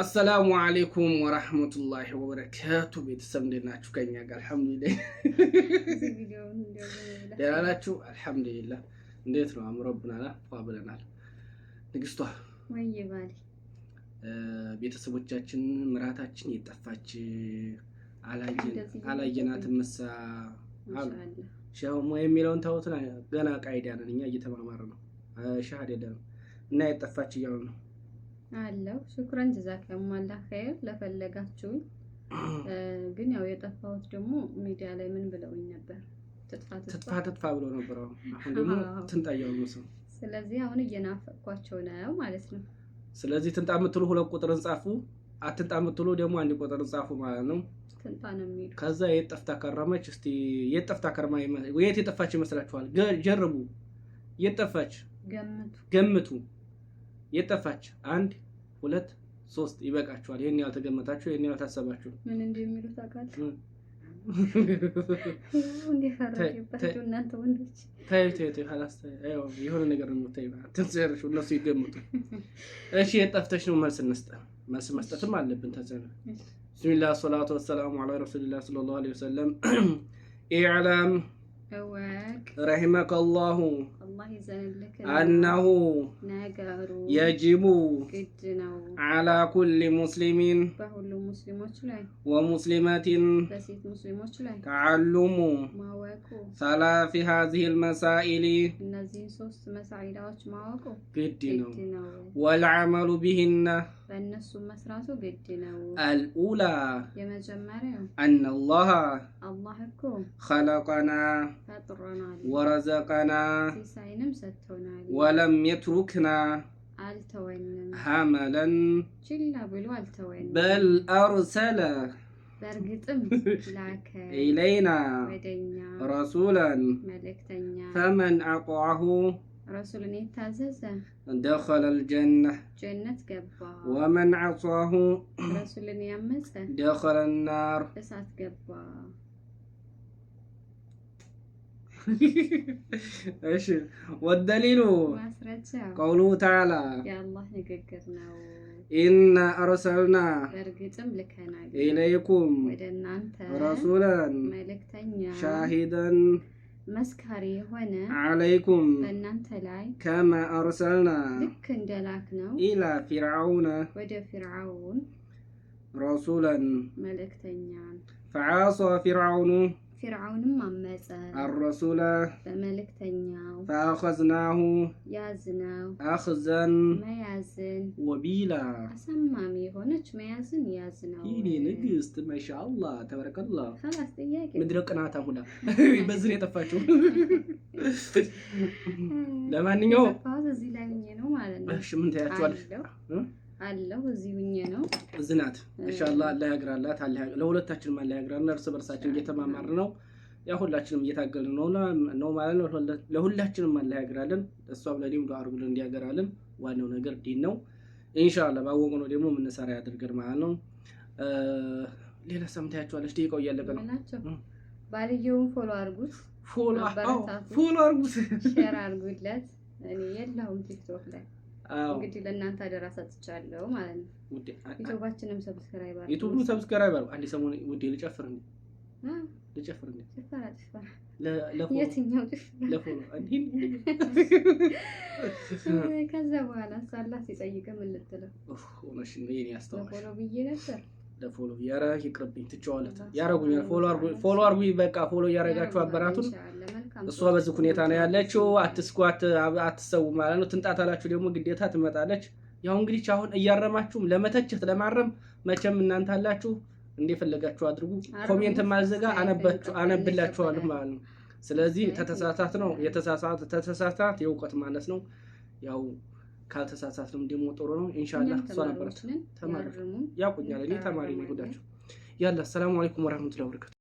አሰላሙ አለይኩም ወራህመቱላሂ ወበረካቱ ቤተሰብ እንዴት ናችሁ? ከኛ ጋር አልሐምዱሊላህ ደህና ናችሁ? አልሐምዱሊላህ እንዴት ነው? አምሮብናል፣ ፏ ብለናል። ንግስቷ ቤተሰቦቻችን ምራታችን የጠፋች አላየናትን መሳ አሉ ሻሁሞ የሚለውን ታወትን ገና ቃይዳ ነን እኛ እየተማማር ነው ሻሃደዳ ነው እና የጠፋች እያሉ ነው አለው ሹክራን ጀዛከም አላህ ኸይር ለፈለጋችሁኝ። ግን ያው የጠፋሁት ደግሞ ሚዲያ ላይ ምን ብለውኝ ነበር? ትጥፋ ትጥፋ ብሎ ነበር። አሁን ደግሞ ትንጣያው ነው ሰው። ስለዚህ አሁን እየናፈቅኳቸው ነው ማለት ነው። ስለዚህ ትንጣ የምትሉ ሁለት ቁጥርን ጻፉ፣ አትንጣ የምትሉ ደግሞ አንድ ቁጥርን ጻፉ ማለት ነው። ትንጣ ነው የሚሉ ከዛ የት ጠፍታ ከረመች? እስቲ የት ጠፍታ ከርማ የት የጠፋች ይመስላችኋል? ጀርቡ። የት ጠፋች ገምቱ፣ ገምቱ። የት ጠፋች አንድ ሁለት ሶስት ይበቃችኋል። ይህን ያልተገመታችሁ ይህን ያልታሰባችሁ ምን እንደሚሉ የሆነ ነገር ተጨርሹ፣ እነሱ ይገምጡ። እሺ የጠፍተሽ ነው? መልስ እንስጠ መልስ መስጠትም አለብን። ተዘነ ብስሚላ ሰላቱ ወሰላሙ አላ ረሱሊላ ስለ ላ ለ ወሰለም ኢዕላም ረሒመከ ላሁ አነሁ የጅቡ አላ ኩል ሙስሊሚን ወሙስሊመቲን ተዓሉሙ ሰላፊ ሀዚሂል መሳኢሊ ግድ ነው ወልዓመሉ ቢሂነ በእነሱ መስራቱ ግድ ነው። አልኡላ የመጀመሪያው አነ አላህ አላህ እኮ ኸለቀና ፈጥሮናል፣ ወረዘቀና ሲሳይንም ሰጥቶናል፣ ወለም የትሩክና አልተወንም፣ ሀመለን ችላ ብሎ አልተወንም፣ በል አርሰለ በእርግጥም ላከ ኢለይና ወደኛ ረሱላን መልእክተኛ ፈመን አቋሁ رسول تاززة دخل الجنة جنة قبا ومن عصاه رسول يمسه دخل النار إسات قبا ايش والدليل قوله تعالى يا الله نققرنا إنا أرسلنا إليكم رسولا شاهدا መስካሪ የሆነ አለይኩም በእናንተ ላይ ከማ አርሰልና ልክ እንደላክ ነው ኢላ ፊርዓውነ ወደ ፊርዓውን ረሱለን መልእክተኛን ፈዓሷ ፊርዓውኑ ፊርዓውንም አመፀ። አረሱለ በመልእክተኛው ፈአኸዝናሁ ያዝነው አኽዘን መያዝን ወቢላ አሳማሚ የሆነች መያዝን ያዝነው። ይህኔ ንግስት ማሻአላ ተበረከላ ላስ ጥያቄ ምድረ ቅናታ ሁላ በዝን የጠፋችው ለማንኛውም እዚህ ላይ ነው ማለት ነው። ምን ታያቸዋለሽ? አለው እዚህ ሁኜ ነው እዚህ ናት። ኢንሻአላህ አላህ ያግራላት፣ ለሁለታችንም አላህ እርስ በርሳችን ነው፣ ያ ሁላችንም እየታገልን ነው ነው ማለት ነው። ለሁላችንም አላህ ያግራልን፣ እሷም ለዲም አድርጉልን እንዲያገራልን። ዋናው ነገር ዲን ነው። ኢንሻአላህ ባወቁ ነው ደግሞ የምንሰራ ያድርገን ማለት ነው። ሌላ ሰምታያችኋለች። ደቂቃው እያለቀ ነው። ባልየውን ፎሎ አርጉት፣ ፎሎ አርጉት፣ ሼር አድርጉለት። እኔ የለሁም ቲክቶክ ላይ እንግዲህ ለእናንተ አደራ ሰጥቻለሁ ማለት ነው። ዩቱባችንም ሰብስክራይብ አድርጉ። ዩቱብ ሰብስክራይብ አድርጉ። አንድ ሰሞን ውዴ ልጨፍር እንዴ ልጨፍር እንዴ ጭፈራ ጭፈራ የትኛው ጭፈራ ከዛ በኋላ ሳላ ሲጠይቅ ምን ልትለው ሆነሽ ነው የኔ ለፎሎ ብዬ ነበር። ለፎሎ ይቅርብኝ ትቼዋለሁ። ያረጉኛል። ፎሎ አርጉ፣ ፎሎ አርጉ። በቃ ፎሎ እያረጋችሁ አበራቱን እሷ በዚህ ሁኔታ ነው ያለችው። አትስኩ አትሰው ማለት ነው። ትንጣታላችሁ ደግሞ ግዴታ ትመጣለች። ያው እንግዲህ አሁን እያረማችሁም ለመተቸት ለማረም መቼም እናንተ አላችሁ እንደፈለጋችሁ አድርጉ። ኮሜንት ማዘጋ አነብላችኋለሁ ማለት ነው። ስለዚህ ተተሳሳት ነው የተሳሳት ተተሳሳት የእውቀት ማለት ነው። ያው ካልተሳሳት ነው ደግሞ ጥሩ ነው። ኢንሻአላህ እሷ ነበረች ተማሪ ያቁኛል። እኔ ተማሪ ነው ሁዳችሁ ያላ ሰላም አለይኩም ወራህመቱላሂ ወበረካቱ